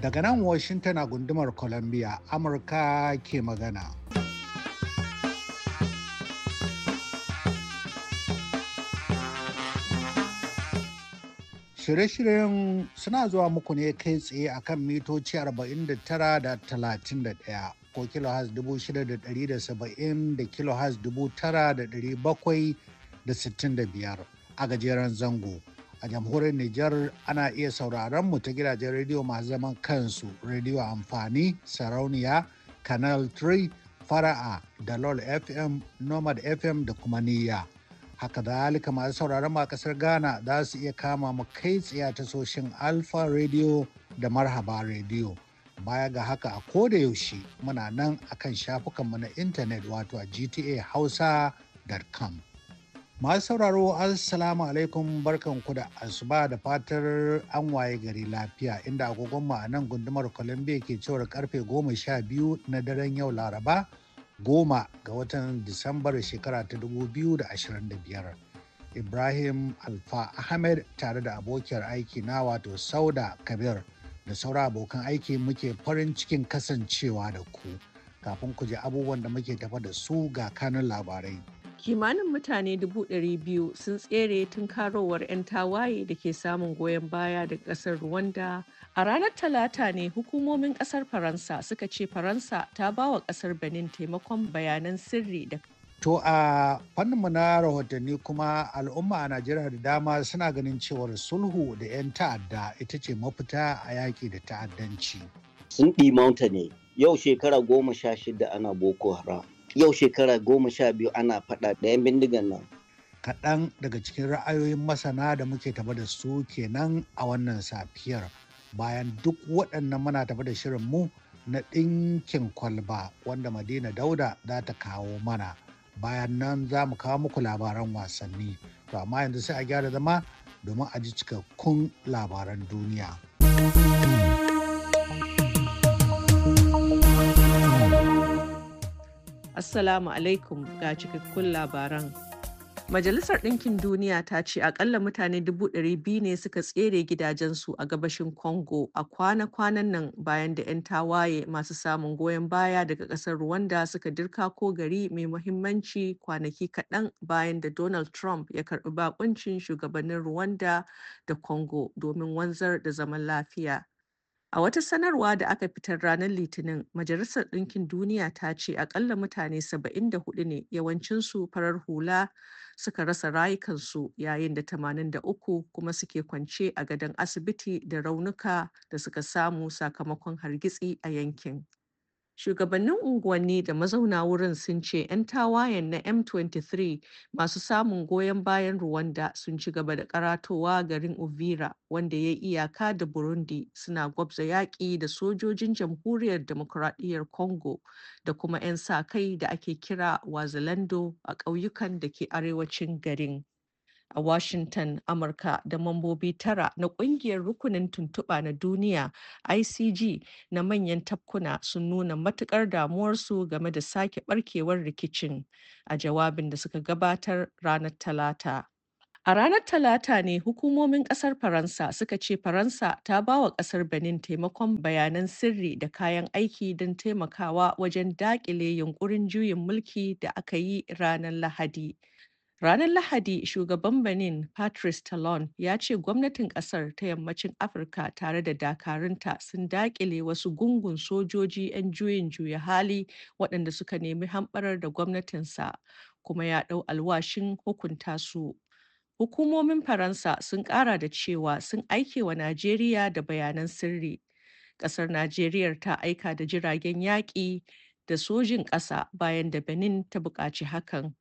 Daga nan Washington a gundumar Columbia, Amurka ke magana. Shirye-shiryen suna zuwa muku ne kai tsaye a kan mitoci 49.31 da ko kilohaz 6,770 da kilohaz 9,700 da 65 a gajeren zango. A jamhuriyar Nijar ana iya sauraron mu ta gidajen rediyo masu zaman kansu, rediyo amfani, sarauniya, Canal 3, Fara'a, Dalol FM, Nomad FM da kuma Niyya. Haka da halika masu sauraron a kasar Ghana za su iya kama mu kai tsaye ta soshin Alpha Radio da Marhaba Radio. Baya ga haka a koda yaushe muna nan akan shafukanmu na intanet wato a gta gtahausa.com. Masu sauraro assalamu alaikum barkan ku da asuba da fatar an waye gari lafiya inda agogon mu a nan gundumar Columbia ke cewar karfe goma sha biyu na daren yau Laraba goma ga watan Disambar shekara ta dubu biyu da da ashirin biyar. Ibrahim Alfa Ahmed tare da abokiyar aiki na wato Sauda Kabir da saura abokan aiki muke farin cikin kasancewa da ku kafin ku ji abubuwan da muke tafa da su ga kanun labarai. kimanin mutane 200,000 sun tsere tun karowar 'yan tawaye da ke samun goyon baya daga ƙasar rwanda a ranar talata ne hukumomin ƙasar faransa suka ce faransa ta ba wa ƙasar benin taimakon bayanan sirri da To a fanninmu na rahotanni kuma al'umma a Najeriya da dama suna ganin cewar sulhu da 'yan ta'adda ita ce mafita a yaƙi da ta'addanci. Sun ɗimauta ne yau shekara goma sha shida ana Boko Haram. yau shekara goma sha biyu ana faɗa da 'yan bindigan nan kaɗan daga cikin ra'ayoyin masana da muke tafa da su kenan a wannan safiyar bayan duk waɗannan muna tafa da shirin mu na ɗinkin kwalba wanda madina dauda za ta kawo mana bayan nan za mu kawo muku labaran wasanni to amma yanzu sai a gyara zama domin a ji cikakkun labaran duniya. Assalamu alaikum ga cikakkun labaran. Majalisar Ɗinkin Duniya ta ce akalla mutane dubu ɗari biyu ne suka tsere gidajensu a gabashin Congo a kwana-kwanan nan bayan da 'yan tawaye masu samun goyon baya daga ƙasar Rwanda suka dirka ko gari mai muhimmanci kwanaki kaɗan bayan da Donald Trump ya karɓi bakuncin shugabannin Rwanda da Congo domin wanzar da zaman lafiya. A wata sanarwa da aka fitar ranar Litinin, Majalisar Ɗinkin Duniya ta ce aƙalla mutane 74 ne, yawancinsu farar hula, suka rasa rayukansu yayin da 83 kuma suke kwance a gadon asibiti da raunuka da suka samu sakamakon hargitsi a yankin. Shugabannin unguwanni da mazauna wurin sun ce 'yan tawayen na M23 masu samun goyon bayan Rwanda sun ci gaba da karatowa garin Uvira wanda ya iyaka da Burundi suna gwabza yaƙi da sojojin Jamhuriyar Demokuraɗiyyar Congo da kuma 'yan sa-kai da ake kira Wazalando a ƙauyukan da ke arewacin garin. a Washington, Amurka da mambobi tara na ƙungiyar rukunin tuntuɓa na duniya ICG na manyan tafkuna sun nuna matukar damuwarsu game da sake ɓarkewar rikicin a jawabin da suka gabatar ranar Talata. A ranar Talata ne hukumomin ƙasar Faransa suka ce Faransa ta ba wa kasar Benin taimakon bayanan sirri da kayan aiki don taimakawa wajen daƙile yunkurin juyin mulki da aka yi ranar Lahadi. Ranar Lahadi, shugaban Benin Patrice Talon ya ce gwamnatin kasar ta yammacin Afirka tare da dakarunta sun dakile wasu gungun sojoji 'yan juyin juya hali waɗanda suka nemi hambarar da gwamnatinsa kuma ya ɗau alwashin hukunta su. Hukumomin Faransa sun ƙara da cewa sun aike wa Najeriya da bayanan sirri. Ƙasar Najeriya ta aika da jiragen yaƙi da sojin ƙasa bayan da Benin ta buƙaci hakan.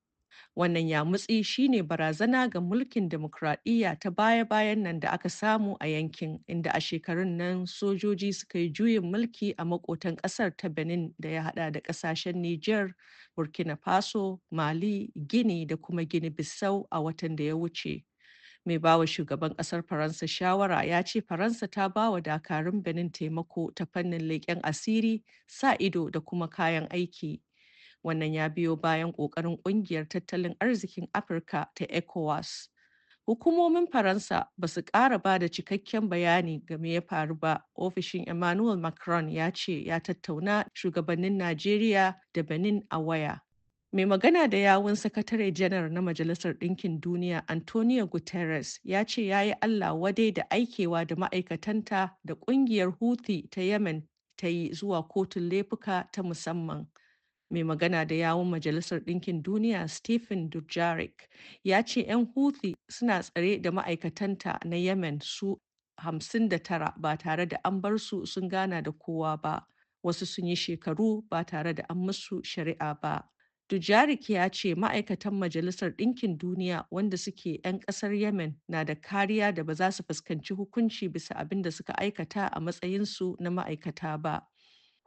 Wannan ya yamutsi shine barazana ga mulkin demokradiyya ta baya-bayan nan da aka samu a yankin, inda a shekarun nan sojoji suka yi juyin mulki a makotan ƙasar ta Benin da ya hada da ƙasashen Niger, Burkina Faso, Mali, Gini da kuma Gini-Bissau a watan da ya wuce. mai bawa shugaban kasar faransa shawara ya ce faransa ta bawa dakarun benin taimako ta fannin leƙen asiri sa ido da kuma kayan aiki Wannan ya biyo bayan ƙoƙarin ƙungiyar tattalin arzikin Afirka ta ECOWAS. Hukumomin Faransa ba su ƙara ba da cikakken bayani game ya faru ba. Ofishin Emmanuel Macron ya ce ya tattauna shugabannin Najeriya da Benin a waya. Mai magana da yawun sakatare janar na Majalisar Ɗinkin Duniya Antonio Guterres ya ce ya yi Allah wadai da aikewa da ma'aikatanta da ƙungiyar Houthi ta Yemen ta yi zuwa kotun laifuka ta musamman. mai magana da yawun majalisar ɗinkin duniya stephen dujarric ya ce 'yan houthi suna tsare da ma'aikatanta na yemen su 59 ba tare da an bar su sun gana da kowa ba wasu sun yi shekaru ba tare da an musu shari'a ba dujarik ya ce ma'aikatan majalisar ɗinkin duniya wanda suke 'yan ƙasar yemen na da kariya da ba za su fuskanci hukunci bisa abin da suka aikata a matsayinsu na ma'aikata ba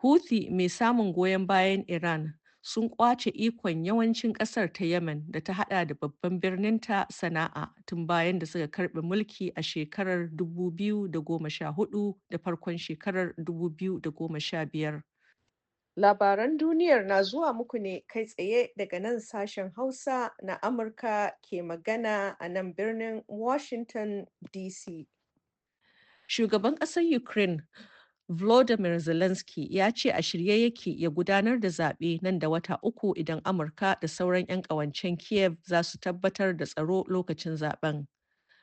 Houthi mai samun goyon bayan Iran sun ƙwace ikon yawancin ƙasar ta Yemen da ta haɗa da babban birninta Sana'a tun bayan da suka karɓi mulki a shekarar 2014 da farkon shekarar 2015. Labaran duniyar na zuwa muku ne kai tsaye daga nan sashen Hausa na Amurka ke magana a nan birnin Washington DC. Shugaban ƙasar Ukraine Volodymyr Zelensky ya ce a shirye yake ya gudanar da zaɓe nan da wata uku idan Amurka da sauran 'yan ƙawancen Kiev za su tabbatar da tsaro lokacin zaɓen.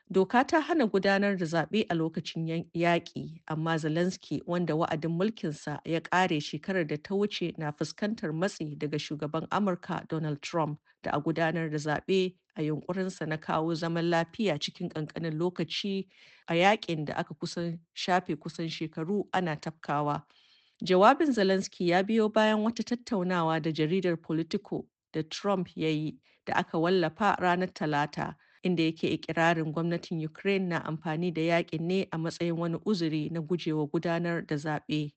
Doka ta hana gudanar da zaɓe a lokacin yaƙi, amma Zelensky wanda wa'adin mulkinsa ya ƙare shekarar da ta wuce na fuskantar matsi daga shugaban Amurka Donald Trump da a gudanar da zaɓe a yunkurinsa na kawo zaman lafiya cikin ƙanƙanin lokaci a yaƙin da aka kusan shafe kusan shekaru ana tafkawa. Jawabin Zelensky ya biyo bayan wata tattaunawa da jaridar Politico da Trump ya yi da aka wallafa ranar Talata, inda yake ikirarin gwamnatin Ukraine na amfani da yaƙin ne a matsayin wani uzuri na gujewa gudanar da zaɓe.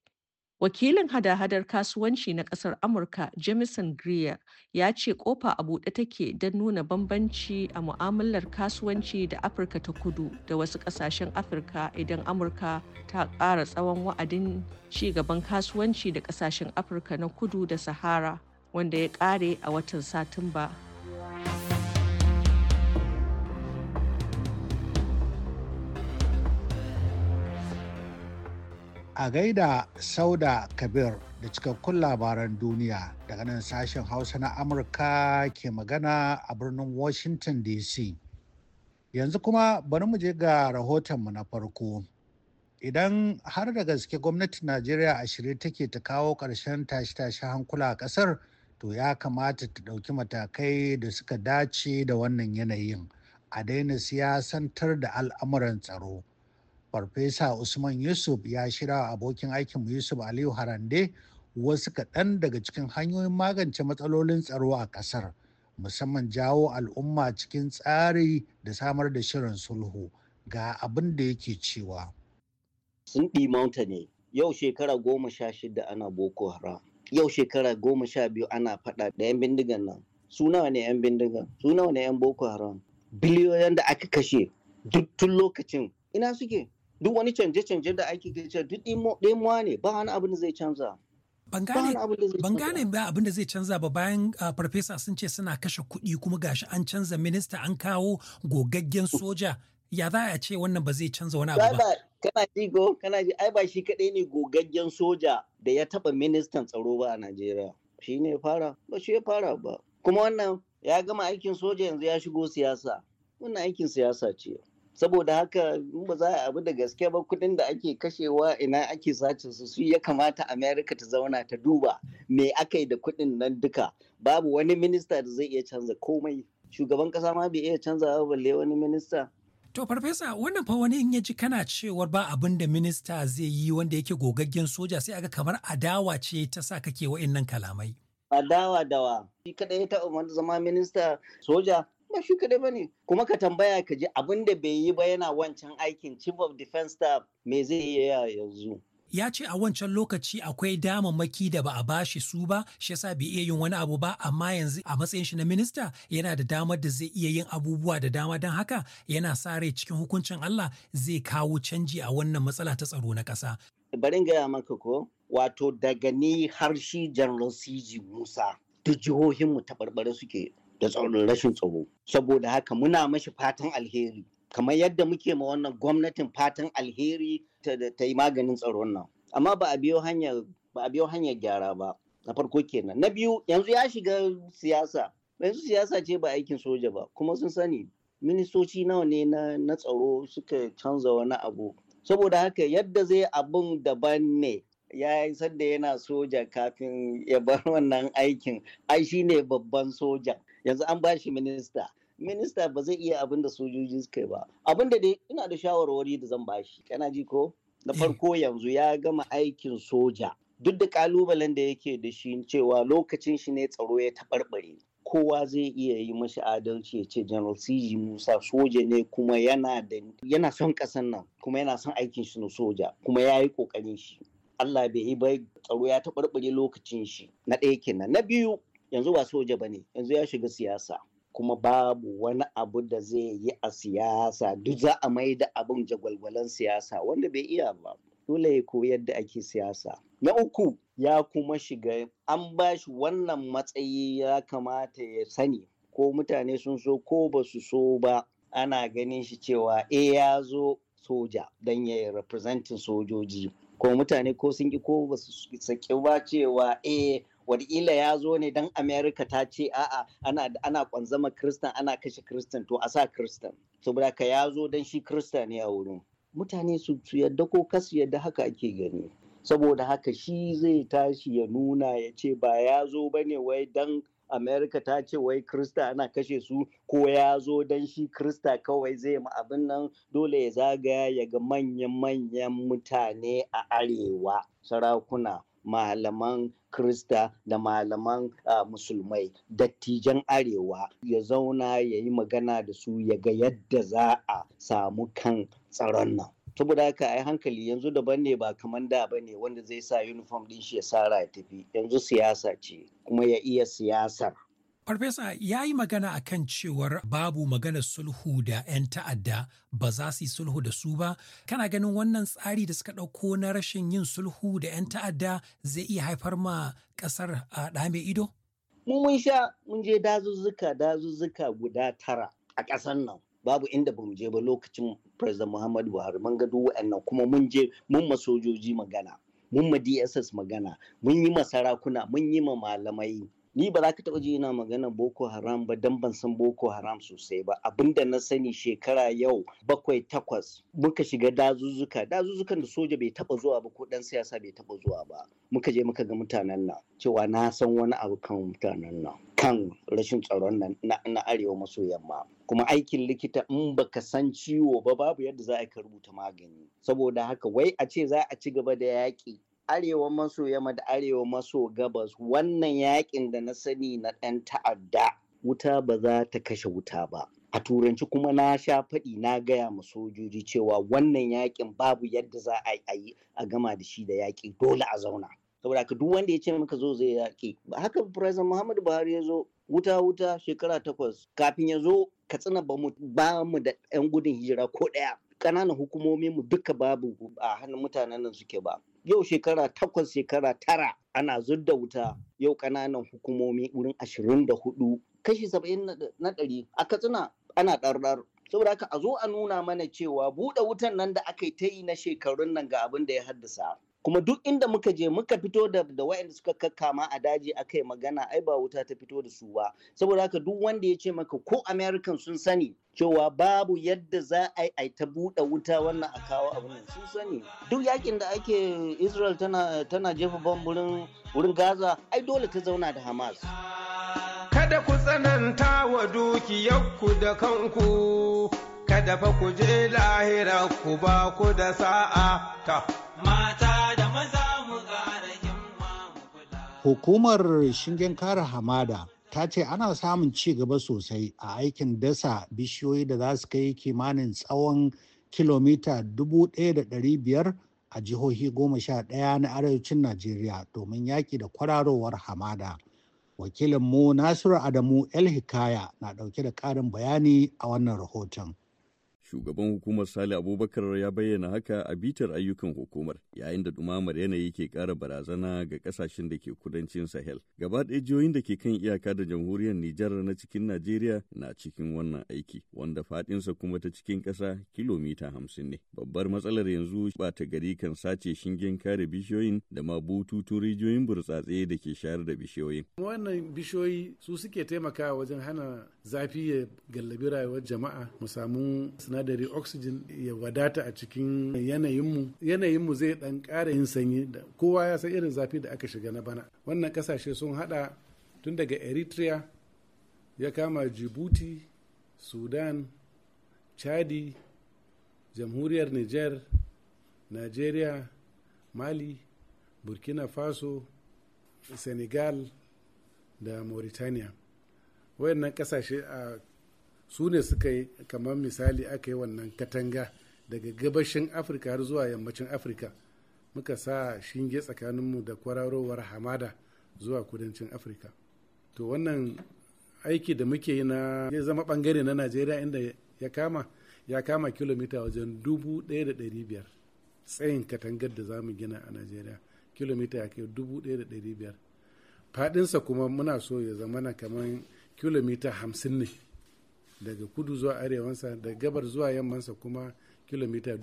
Wakilin hada-hadar kasuwanci na ƙasar Amurka jameson Greer ya ce kofa a buɗe take don nuna bambanci a mu'amalar kasuwanci da Afirka ta kudu da wasu ƙasashen Afirka idan Amurka ta ƙara tsawon wa'adin ci gaban kasuwanci da ƙasashen Afirka na kudu da Sahara wanda ya ƙare a watan Satumba. a gaida sauda kabir da cikakkun labaran duniya daga nan sashen hausa na amurka ke magana a birnin washington dc yanzu kuma bari mu je ga rahotonmu na farko idan har da gaske gwamnatin najeriya a shirye take ta kawo ƙarshen tashe tashi hankula a ƙasar to ya kamata ta ɗauki matakai da suka dace da wannan yanayin a daina siyasantar da al'amuran tsaro Farfesa Usman Yusuf ya shirya abokin aikinmu Yusuf Aliyu Harande wasu kaɗan daga cikin hanyoyin magance matsalolin tsaro a ƙasar, musamman jawo al'umma cikin tsari da samar da shirin sulhu ga abin da yake cewa. Sun ɗimauta ne, yau shekara goma sha shida ana Boko Haram, yau shekara goma sha biyu ana faɗa da 'yan bindigan nan. suna ne 'yan bindigan? Suna ne 'yan Boko Haram? Biliyoyin da aka kashe duk tun lokacin ina suke? duk wani canje-canje da ake gajiyar duk ɗemuwa ne ba wani abin da zai canza. Ban gane ba abin da zai canza ba bayan farfesa sun ce suna kashe kuɗi kuma gashi an canza minista an kawo gogaggen soja ya za a ce wannan ba zai canza wani abu ba. Kana ji go kana ji ai ba shi kaɗai ne gogaggen soja da ya taɓa ministan tsaro ba a Najeriya. Shi ne fara ba shi ya fara ba. Kuma wannan ya gama aikin soja yanzu ya shigo siyasa. Wannan aikin siyasa ce. saboda haka in ba za a abu da gaske ba kudin da ake kashewa ina ake sace su su ya kamata america ta zauna ta duba me aka yi da kudin nan duka babu wani minista da zai iya canza komai shugaban kasa ma bai iya canza balle wani minista To farfesa wannan fa wani in ya ji kana cewar ba abin da minista zai yi wanda yake gogaggen soja sai aka kamar adawa ce ta sa kake nan kalamai. Adawa dawa. Shi kadai ya taɓa zama minista soja ba shi kaɗai ba ne kuma ka tambaya ka ji abin da bai yi ba yana wancan aikin chief of defense staff me zai iya yanzu ya ce a wancan lokaci akwai damammaki da ba a bashi su ba shi yasa bai iya yin wani abu ba amma yanzu a matsayin shi na minista yana da damar da zai iya yin abubuwa da dama don haka yana sa rai cikin hukuncin Allah zai kawo canji a wannan matsala ta tsaro na kasa. Bari in gaya maka ko wato daga ni har shi General CG Musa da jihohinmu ta taɓarɓare suke da tsaunin rashin tsaro saboda haka muna mashi fatan alheri kamar yadda muke ma wannan gwamnatin fatan alheri ta yi maganin tsaron nan amma ba a biyo hanyar gyara ba na farko kenan na biyu yanzu ya shiga siyasa yanzu siyasa ce ba aikin soja ba kuma sun sani ministoci nawa ne na tsaro suka canza wani abu saboda haka yadda zai abun daban ne ya yi sadda yana soja kafin ya bar wannan aikin ai shi ne babban sojan yanzu an ba shi minista minista ba zai iya abin da sojoji suka yi ba abin da dai ina da shawarwari da zan bashi kana ji ko na farko yanzu ya gama aikin soja duk da kalubalen da yake da shi cewa lokacin shi ne tsaro ya taɓarɓare kowa zai iya yi mashi adalci ya ce general cg musa soja ne kuma yana da yana son kasan nan kuma yana son aikin shi na soja kuma ya yi ƙoƙarin shi allah bai yi bai tsaro ya taɓarɓare lokacin shi na ɗaya kenan na biyu yanzu ba soja ba ne yanzu ya shiga siyasa kuma babu wani abu da zai yi a siyasa duk za a mai da abin jagwalgwalan siyasa wanda bai iya ba dole ya koyar da ake siyasa na uku ya kuma shiga an ba shi wannan matsayi ya kamata ya sani ko mutane sun so ko ba su so ba ana ganin shi cewa e ya zo soja don ya representin sojoji ko mutane ko sun ki ko ba su saki ba cewa e wadila ya zo ne don America ta ce a'a ana ana kwanzama kristan ana kashe kristan to a sa kristan saboda ka ya zo don shi kristan ne a wurin mutane su yadda ko kasu yadda haka ake gani saboda haka shi zai tashi ya nuna ya ce ba ya zo ba ne wai don amerika ta ce wai krista ana kashe su ko ya zo don shi krista kawai zai ma abin nan dole ya zagaya ya ga manyan-manyan mutane a arewa sarakuna malaman Krista da malaman uh, musulmai dattijan arewa ya zauna ya yi magana da su ya ga yadda za a samu kan tsaron nan. saboda haka ai hankali yanzu daban ne ba kamar da ba ne wanda zai sa uniform din shi ya sara ya tafi yanzu siyasa ce kuma ya iya siyasar Farfesa ya yi magana a kan cewar babu maganar sulhu da 'yan ta'adda ba za su yi sulhu da su ba. Kana ganin wannan tsari da suka ɗauko na rashin yin sulhu da 'yan ta'adda zai iya haifar ma ƙasar a ɗame ido? Mu mun sha mun je dazuzzuka dazuzzuka guda tara a ƙasar nan. Babu inda ba mu je ba lokacin President Muhammadu Buhari mun ga duk waɗannan kuma mun je mun ma sojoji magana. Mun ma DSS magana, mun yi ma sarakuna, mun yi ma malamai, ni ba za ka taɓa ji ina magana boko haram ba dan ban san boko haram sosai ba abinda na sani shekara yau bakwai takwas muka shiga dazuzzuka dazuzzukan da soja bai taɓa zuwa ba ko dan siyasa bai taɓa zuwa ba muka je muka ga mutanen nan cewa na san wani abu kan mutanen nan kan rashin tsaron nan na arewa maso yamma kuma aikin likita in baka san ciwo ba babu yadda za a ka rubuta magani saboda haka wai a ce za a ci gaba da yaƙi arewa maso yamma da arewa maso gabas wannan yakin da na sani na ɗan ta'adda wuta ba za ta kashe wuta ba a turanci kuma na sha faɗi na gaya ma sojoji cewa wannan yakin babu yadda za a yi a gama da shi da yaƙi dole a zauna saboda ka duk wanda ya ce maka zo zai yaƙi haka president muhammadu buhari ya zo wuta wuta shekara takwas kafin ya zo katsina ba mu da 'yan gudun hijira ko ɗaya ƙananan hukumomin mu duka babu a hannun mutanen nan suke ba yau shekara takwas shekara tara ana zudda wuta yau ƙananan hukumomi wurin ashirin da hudu kashi saba'in na ɗari a katsina ana ɗarɗar saboda haka a zo a nuna mana cewa buɗe wutan nan da aka yi ta yi na shekarun nan ga abin da ya haddasa kuma duk inda muka je muka fito da da waɗanda suka kakkama a daji akai magana ai ba wuta ta fito da su ba saboda haka duk wanda ya ce maka ko american sun sani cewa babu yadda za a yi ta buɗe wuta wannan a kawo abin nan sun sani duk yakin da ake israel tana tana jefa bamburin wurin gaza ai dole ta zauna da hamas kada ku tsananta wa dukiyarku da kanku kada fa ku je lahira ku ba ku da sa'a ta mata Hukumar shingen kare hamada ta ce ana samun ci gaba sosai a aikin dasa bishiyoyi da za su kai kimanin tsawon kilomita 1,500 a jihohi 11 na arewacin Najeriya domin yaƙi da kwararowar hamada. Wakilinmu Nasiru Adamu El Hikaya na ɗauke da ƙarin bayani a wannan rahoton. Shugaban hukumar Sale Abubakar ya bayyana haka a bitar ayyukan hukumar yayin da dumamar yanayi ke kara barazana ga kasashen da ke kudancin Sahel. Gaba ɗaya jihohin da ke kan iyaka da jamhuriyar Nijar na cikin Najeriya na cikin wannan aiki wanda faɗinsa kuma ta cikin kasa kilomita hamsin ne. Babbar matsalar yanzu ta gari kan sace shingen kare bishiyoyin da ma bututun rijiyoyin burtsatse da ke shayar da bishiyoyin. Wannan bishiyoyi su suke taimakawa wajen hana zafi ya gallabi rayuwar jama'a mu samu sinadarin sinadari oxygen ya wadata a cikin yanayinmu yanayinmu zai dan ƙara yin sanyi da kowa ya san irin zafi da aka shiga na bana wannan kasashe sun hada tun daga eritrea ya kama djibouti sudan chadi jamhuriyar niger nigeria mali burkina faso senegal da mauritania wayannan kasashe a su ne suka yi kamar misali aka yi wannan katanga daga gabashin afirka har zuwa yammacin afirka muka sa shinge tsakaninmu da kwararowar hamada zuwa kudancin afirka to wannan aiki da muke yi na ya zama bangare na najeriya inda ya kama ya kama kilomita wajen dubu daya da dari biyar tsayin katangar da zamu gina a najeriya kilomita ya kai dubu daya da dari biyar faɗinsa kuma muna so ya zama na kamar kilomita hamsin ne daga kudu zuwa arewansa daga gabar zuwa yammansa kuma kilomita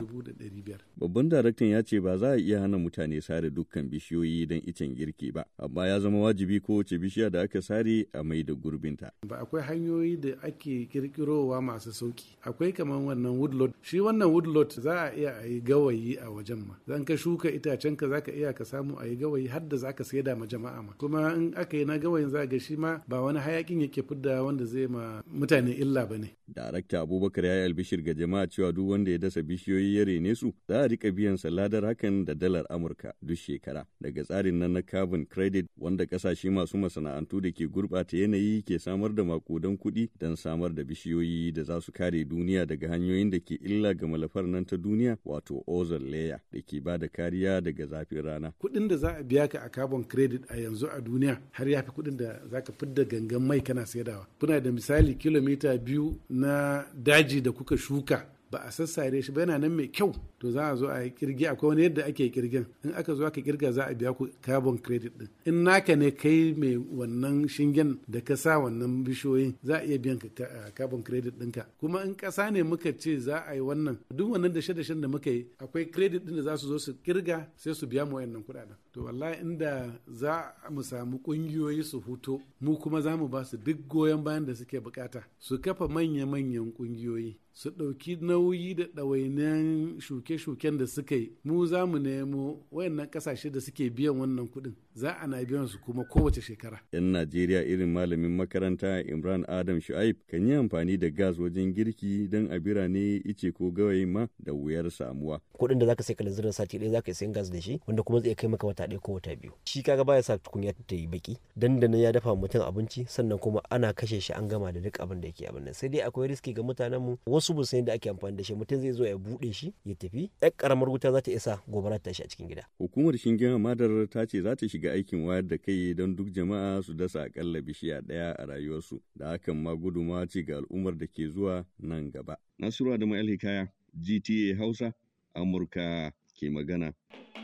biyar. Babban daraktan ya ce ba za a iya hana mutane sare dukkan bishiyoyi don icen girki ba, amma ya zama wajibi kowace bishiya da aka sare a mai da gurbinta. Ba akwai hanyoyi da ake kirkirowa masu sauki. Akwai kamar wannan woodlot. Shi wannan woodlot za a iya a yi gawayi a wajen ma. Zan ka shuka itacen ka za ka iya ka samu a yi gawayi har da za ka saida ma jama'a ma. Kuma in aka yi na gawayin za ga shi ma ba wani hayakin yake fidda wanda zai ma mutane illa ba ne. Darakta Abubakar ya yi albishir ga jama'a cewa duk wanda ya dasa da bishiyoyi ya rene su za a rika biyan sa ladar hakan da dalar Amurka duk shekara daga tsarin nan na carbon credit wanda kasashe masu masana'antu da ke gurɓata yanayi ke samar da makudan kuɗi don samar da bishiyoyi da za su kare duniya daga hanyoyin da ke illa ga malafar nan ta duniya wato ozone layer da ke ba da kariya daga zafin rana. Kuɗin da za a biya ka a carbon credit a yanzu a duniya har ya fi kuɗin da za ka fidda gangan mai kana saidawa. Kuna da misali kilomita biyu na daji da kuka shuka ba a sassare shi ba yana nan mai kyau to za a zo a kirgi akwai wani yadda ake kirgin in aka zo aka kirga za a biya ku carbon credit din in naka ne kai mai wannan shingen da ka sa wannan bishiyoyin za a iya biyan ka carbon credit ɗinka kuma in ƙasa ne muka ce za a yi wannan duk wannan da dashen da muka yi akwai credit din da za su zo su kirga sai su biya mu wayannan kuɗaɗen to wallahi inda za mu samu ƙungiyoyi su hutu mu kuma za mu ba su duk goyon bayan da suke bukata su kafa manya-manyan ƙungiyoyi su ɗauki nauyi da ɗawainan shuke-shuken da suka yi mu za mu nemo wayannan ƙasashe da suke biyan wannan kuɗin za a na biyan su kuma kowace shekara. yan najeriya irin malamin makaranta imran adam shu'aib kan yi amfani da gas wajen girki don a birane ice ko gawayi ma da wuyar samuwa. kuɗin da zaka sai zirin sati ɗaya zaka sayan gas da shi wanda kuma zai kai maka wata ɗaya ko wata biyu shi kaga baya sa tukunya ta yi baki dandana ya dafa mutum abinci sannan kuma ana kashe shi an gama da duk abin da yake abin nan sai dai akwai riski ga mutanenmu wasu wasu ba da ake amfani da shi mutum zai zo ya buɗe shi ya tafi yar karamar wuta za ta isa gobara ta shi a cikin gida hukumar shingen hamadar ta ce za ta shiga aikin wayar da kai don duk jama'a su dasa akalla bishiya ɗaya a rayuwarsu da hakan ma guduma ce ga al'ummar da ke zuwa nan gaba nasiru adamu alhikaya gta hausa amurka ke magana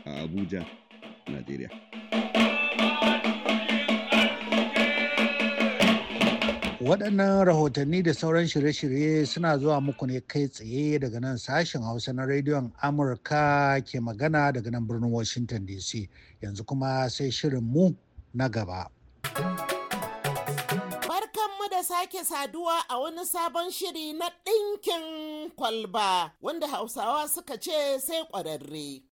a abuja najeriya Waɗannan rahotanni da sauran shirye-shirye suna zuwa muku ne kai tsaye daga nan sashen Hausa na rediyon Amurka ke magana daga nan birnin Washington DC. Yanzu kuma sai shirin mu na gaba. Barkanmu da sake saduwa a wani sabon shiri na ɗinkin kwalba wanda Hausawa suka ce sai ƙwararre.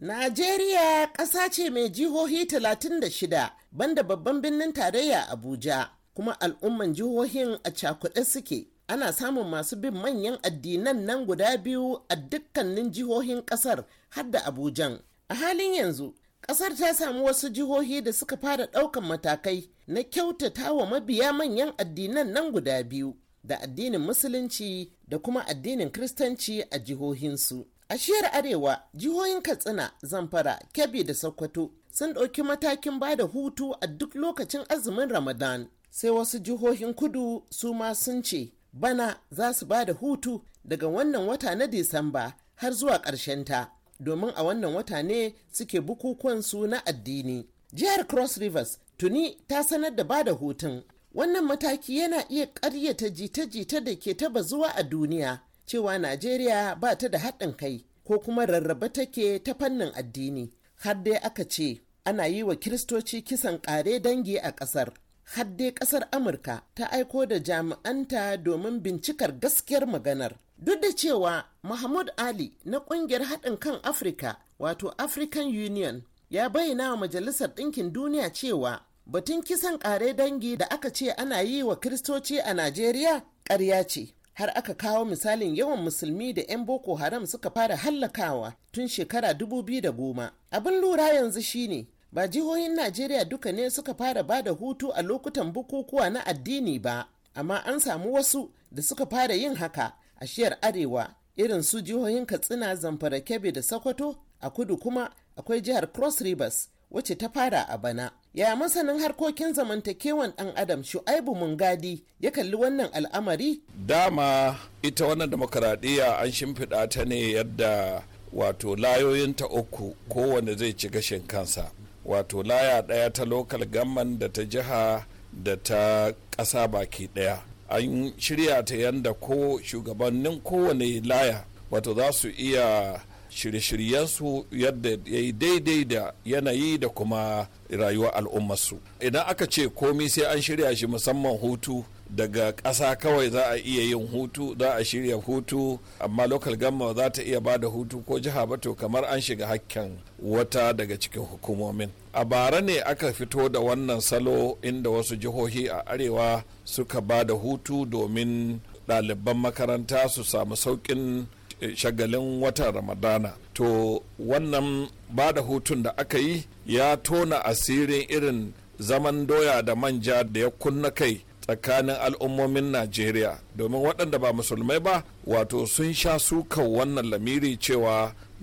Najeriya ƙasa ce mai jihohi 36 banda babban birnin tarayya Abuja kuma al'umman jihohin a cakuɗe suke. Ana samun masu bin manyan addinan nan guda biyu a dukkanin jihohin ƙasar har da Abujan. A halin yanzu, ƙasar ta samu wasu jihohi da suka fara ɗaukan matakai na kyautata wa mabiya manyan addinan nan guda biyu da addinin Musulunci da kuma addinin Kiristanci a jihohinsu. A shiyar Arewa, jihohin Katsina, Zamfara, Kebbi da Sokoto sun ɗauki matakin ba da hutu a duk lokacin azumin Ramadan. Sai wasu jihohin kudu su ma sun ce, bana za su ba da hutu daga wannan wata na Disamba har zuwa ƙarshen ta, domin a wannan wata ne suke bukukuwansu na addini. Jihar Cross Rivers tuni ta sanar da ba da hutun. Wannan mataki yana iya ƙaryata jita-jita da ke taba zuwa a duniya. cewa Najeriya ba ta da haɗin kai ko kuma rarraba take ta fannin addini. Har dai aka ce ana yi wa Kiristoci kisan ƙare dangi a ƙasar. Har dai ƙasar Amurka ta aiko da jami'anta domin bincikar gaskiyar maganar. Duk da cewa Mahmud Ali na ƙungiyar haɗin kan Afirka wato African Union ya bayyana wa Majalisar Ɗinkin Duniya cewa batun kisan ƙare dangi da aka ce ana yi wa Kiristoci a Najeriya ƙarya ce. har aka kawo misalin yawan musulmi da 'yan boko haram suka fara hallakawa tun shekara dubu biyu da goma. abin lura yanzu shine ba jihohin najeriya duka ne suka fara ba da hutu a lokutan bukukuwa na addini ba amma an samu wasu da suka fara yin haka a shiyar arewa irin su jihohin katsina zamfara kebe da sokoto a kudu kuma akwai jihar cross rivers wacce ta fara a bana ya masanin harkokin zamantakewan ɗan adam shu'aibu mungadi ya kalli wannan al'amari dama ita wannan demokaradiyya an shimfiɗa ta ne yadda wato layoyin ta uku kowane zai ci gashin kansa wato laya ɗaya ta lokal gamman da ta jiha da ta ƙasa baki ɗaya an shirya ta yadda ko shugabannin kowane laya wato za su iya shirye-shiryensu yadda ya yi daidai da yanayi da kuma rayuwar al'ummarsu idan aka ce komi sai an shirya shi musamman hutu daga ƙasa kawai za a iya yin hutu za a shirya hutu amma lokal gamma za ta iya ba da hutu ko jiha ba to kamar an shiga hakken wata daga cikin hukumomin a bara ne aka fito da wannan salo inda wasu jihohi a arewa suka ba da hutu domin ɗaliban makaranta su samu sauƙin shagalin watan ramadana to wannan ba da hutun da aka yi ya tona asirin irin zaman doya da manja da ya kunna kai tsakanin al'ummomin najeriya domin waɗanda ba musulmai ba wato sun sha sukan wannan lamiri cewa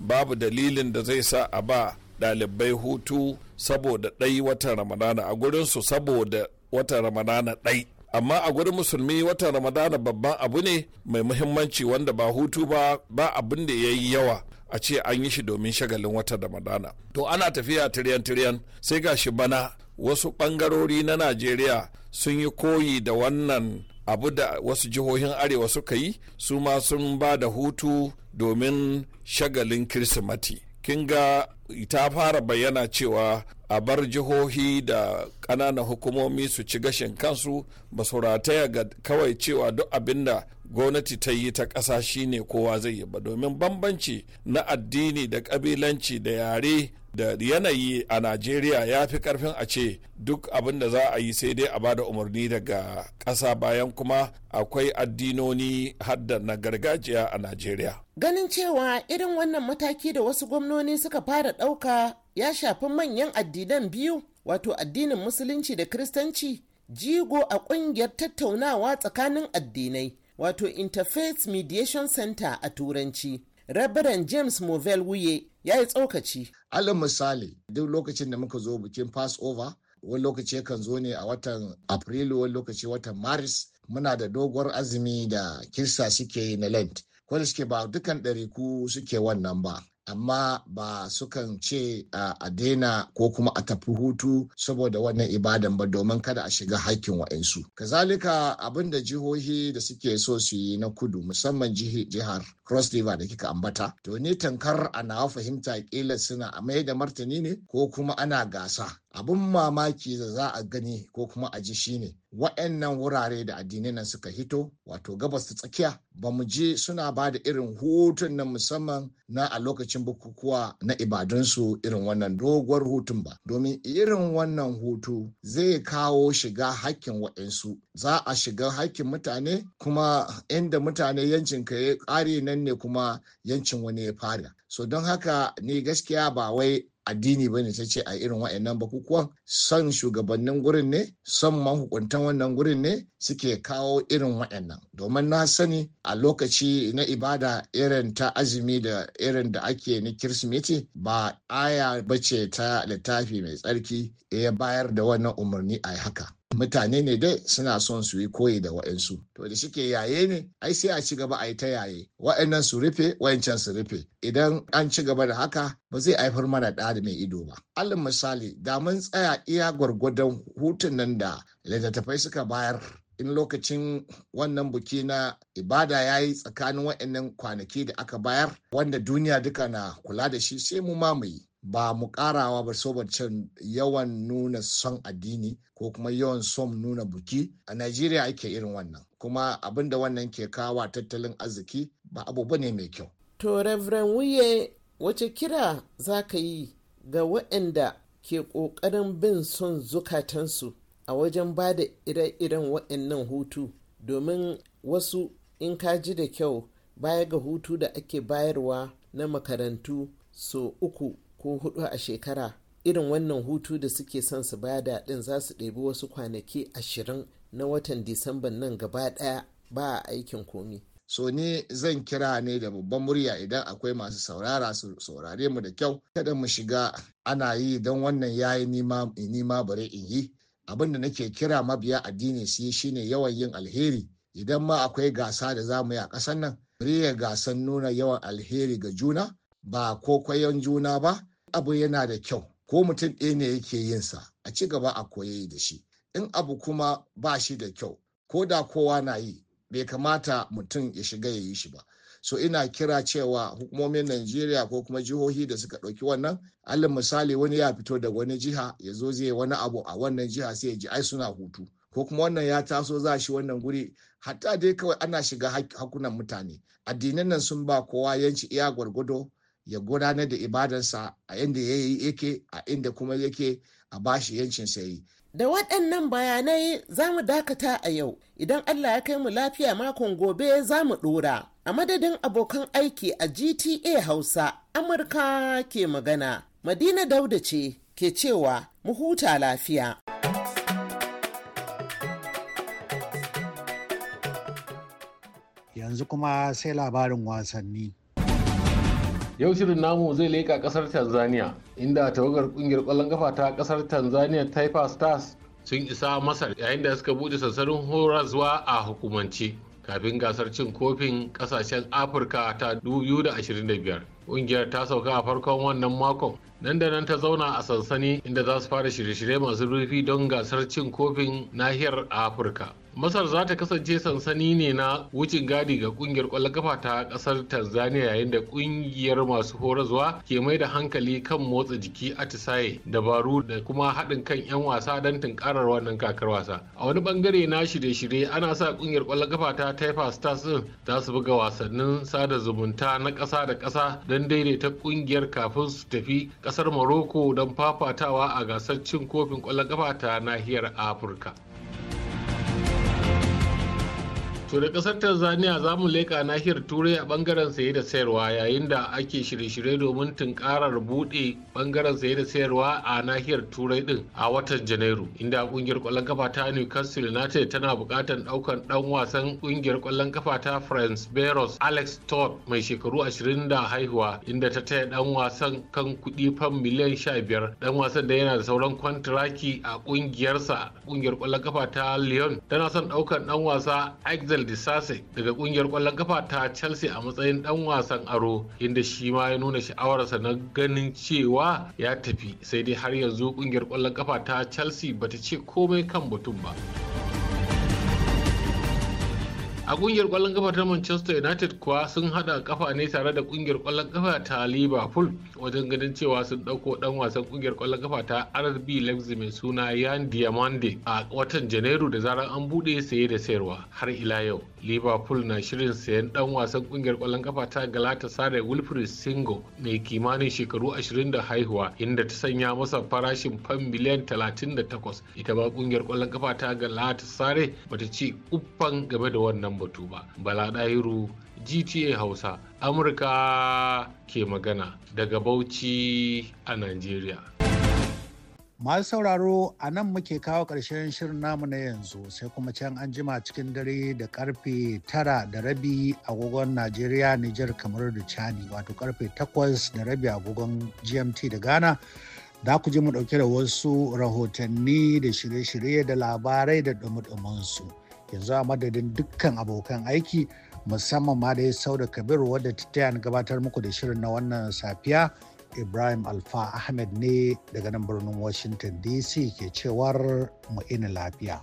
babu dalilin da zai sa a ba ɗalibai hutu saboda ɗai watan ramadana a gurinsu saboda watan ramadana ɗai amma a gurin musulmi watan ramadana babban abu ne mai muhimmanci wanda ba hutu ba ba abin da ya yi yawa a ce an yi shi domin shagalin watan ramadana to ana tafiya tiryan tiryan sai ga shi bana wasu bangarori na najeriya sun yi koyi da wannan abu da wasu jihohin arewa suka yi su ma sun ba da hutu domin shagalin kirsimati kin ga ta fara bayyana cewa a bar jihohi da ƙananan hukumomi su ci gashin kansu ba su rataya ga kawai cewa duk abin da gwamnati ta yi ta ƙasa shine kowa zai yi ba domin bambanci na addini da ƙabilanci da yare da yanayi a najeriya ya fi karfin a ce duk abin da za a yi sai dai a bada umarni daga ƙasa bayan kuma akwai addinoni hadda na gargajiya a najeriya ganin cewa irin wannan mataki da wasu gwamnoni suka fara ɗauka ya shafi manyan addinan biyu wato addinin musulunci da kiristanci jigo a ƙungiyar tattaunawa tsakanin addinai wato interfaith mediation center a turanci Reverend James Movell Wuye ya yi tsaukaci. Alin misali duk lokacin da muka zo bikin Passover wani lokaci kan zo ne a watan Afrilu wani lokaci watan Maris muna da doguwar azumi da kirsa suke yi na Lent. Kwada suke ba dukan ɗariku suke wannan ba. amma ba sukan ce a daina ko kuma a tafi hutu saboda wannan ibadan ba domin kada a shiga haƙƙin wa'insu. Kazalika abin da jihohi da suke so su yi na kudu musamman jihar Cross River da kika ambata. To ni tankar ana fahimta kila suna a mai da martani ne ko kuma ana gasa Abin mamaki da za a gani ko kuma a ji shine wa'annan wurare da addinai nan suka hito wato gabas ta tsakiya ba mu je suna ba da irin hutun na musamman na a lokacin bukukuwa na ibadunsu irin wannan doguwar hutun ba domin irin wannan hutu zai kawo shiga hakkin wa'ansu za a shiga hakkin mutane kuma inda mutane yancin ka ya kare nan ne kuma yancin wani ya fara so don haka ni gaskiya ba wai addini ba ne ta ce a irin wa'annan bukukuwan son shugabannin gurin ne son mahukuntan wannan gurin ne suke kawo irin wa'annan domin na sani a lokaci na ibada irin ta azumi da irin da ake ni kirsimeti ba aya bace ta littafi mai tsarki ya bayar da wannan umarni a haka mutane ne dai suna son su yi koyi da wa'insu to da shike yaye ne ai sai a ci gaba a yi ta yaye wa'annan su rufe wa'ancan su rufe idan an ci gaba da haka ba zai haifar mana da mai ido ba alin misali da mun tsaya iya gwargwadon hutun nan da littattafai suka bayar in lokacin wannan buki na ibada ya yi tsakanin wa'annan kwanaki da aka bayar wanda duniya duka na kula da shi sai mu mamaye ba mu karawa ba can yawan nuna son addini ko kuma yawan son nuna buki a najeriya ake irin wannan kuma abinda wannan ke kawa tattalin arziki ba abu ne mai kyau to reverend wuye wace kira za ka yi ga waɗanda ke ƙoƙarin bin son zukatansu a wajen ba da ire-iren waɗannan hutu domin wasu in ka ji da kyau baya ga hutu da ake bayarwa na makarantu so uku ko hudu a shekara irin wannan hutu da suke son su bada din za su ɗebi wasu kwanaki ashirin na watan disamban nan gaba ɗaya ba a aikin komi so ne zan kira ne da babban murya idan akwai masu saurara su saurare mu da kyau kada mu shiga ana yi don wannan ya yi nima bare in yi abin da nake kira mabiya addini su yi shine yawan yin alheri idan ma akwai gasa da za mu yi a kasan nan riya gasan nuna yawan alheri ga juna ba ko kwayon juna ba abu yana da kyau ko mutum ɗaya ne yake yin sa a ci gaba a koyayi da shi in abu kuma ba shi da kyau ko da kowa na yi bai kamata mutum ya shiga ya yi shi ba so ina kira cewa hukumomin najeriya ko kuma jihohi da suka ɗauki wannan alin misali wani ya fito da wani jiha ya zo zai wani abu a wannan jiha sai ya ji ai suna hutu ko kuma wannan ya taso za shi wannan guri hatta dai kawai ana shiga hakunan mutane addinan nan sun ba kowa yanci iya gwargwado ya gudanar da ibadansa a inda ya yi yake a inda kuma yake a bashi yancin sayi. Da waɗannan bayanai za mu dakata a yau idan Allah ya kai mu lafiya makon gobe za mu ɗora. A madadin abokan aiki a GTA Hausa, Amurka ke magana, Madina Dauda ce ke cewa mu huta lafiya. Yanzu kuma sai labarin wasanni. yau shirin namu zai leƙa ƙasar tanzania inda tawagar ƙungiyar ƙwallon kafa ta ƙasar tanzania taifa stars sun isa masar yayin da suka buɗe sansanin horaswa a hukumance kafin gasar cin kofin ƙasashen afirka ta 2025 ƙungiyar ta sauka a farkon wannan makon nan da nan ta zauna a sansani inda za su fara shirye-shirye masu rufi don gasar cin kofin nahiyar afirka Masar za ta kasance sansani ne na wucin gadi ga kungiyar kwallon kafa ta kasar Tanzania yayin da kungiyar masu horarwa ke mai da hankali kan motsa jiki atisaye dabaru da kuma haɗin kan 'yan wasa don tunkarar wannan kakar wasa. A wani bangare na shirye-shirye ana sa kungiyar kwallon kafa ta Taifa Stars din za su buga wasannin sada zumunta na ƙasa da ƙasa don daidaita kungiyar kafin su tafi ƙasar Morocco don fafatawa a gasar cin kofin kwallon kafa ta nahiyar Afirka. To da kasar Tanzania za mu leka nahiyar Turai a bangaren saye da sayarwa yayin da ake shirye-shirye domin tunkarar buɗe bangaren saye da sayarwa a nahiyar Turai din a watan Janairu inda kungiyar kwallon kafa ta Newcastle United tana bukatar ɗaukar ɗan wasan kungiyar kwallon kafa ta France Beros Alex Todd mai shekaru 20 da haihuwa inda ta taya dan wasan kan kuɗi fam miliyan 15 ɗan wasan da yana da sauran kwantiraki a kungiyarsa kungiyar ƙwallon kafa ta Lyon tana son ɗaukar ɗan wasa de Disase daga kungiyar kwallon kafa ta Chelsea a matsayin dan wasan aro inda shi ma ya nuna sha'awarsa na ganin cewa ya tafi sai dai har yanzu kungiyar kwallon kafa ta Chelsea bata ce komai kan batun ba. a kungiyar kwallon kafa ta manchester united kuwa sun hada kafa ne tare da kungiyar kwallon kafa ta liverpool wajen ganin cewa sun dauko dan wasan kungiyar kwallon kafa ta rb leipzig mai suna yan diamande a watan janairu da zarar an bude saye da sayarwa har ila yau liverpool na shirin sayan dan wasan kungiyar kwallon kafa ta galatasaray wilfred singo mai kimanin shekaru 20 da haihuwa inda ta sanya masa farashin fan miliyan 38 ita ba kungiyar kwallon kafa ta galatasaray bata ci uffan game da wannan batu ba bala dahiru gta hausa amurka ke magana daga bauchi a nigeria Masu sauraro a nan muke kawo ƙarshen shirin namu na yanzu sai kuma can an jima cikin dare da karfe tara da rabi agogon Najeriya, Niger kamar da Chani wato karfe takwas da rabi agogon GMT da Ghana. Da ku ji mu ɗauke da wasu rahotanni da shirye-shirye da labarai da ɗumi Yanzu a madadin dukkan abokan aiki musamman ma da ya sau da kabiru wadda ta gabatar muku da shirin na wannan safiya. Ibrahim Alfa Ahmed ne daga nan birnin Washington DC ke cewar mu ina lafiya.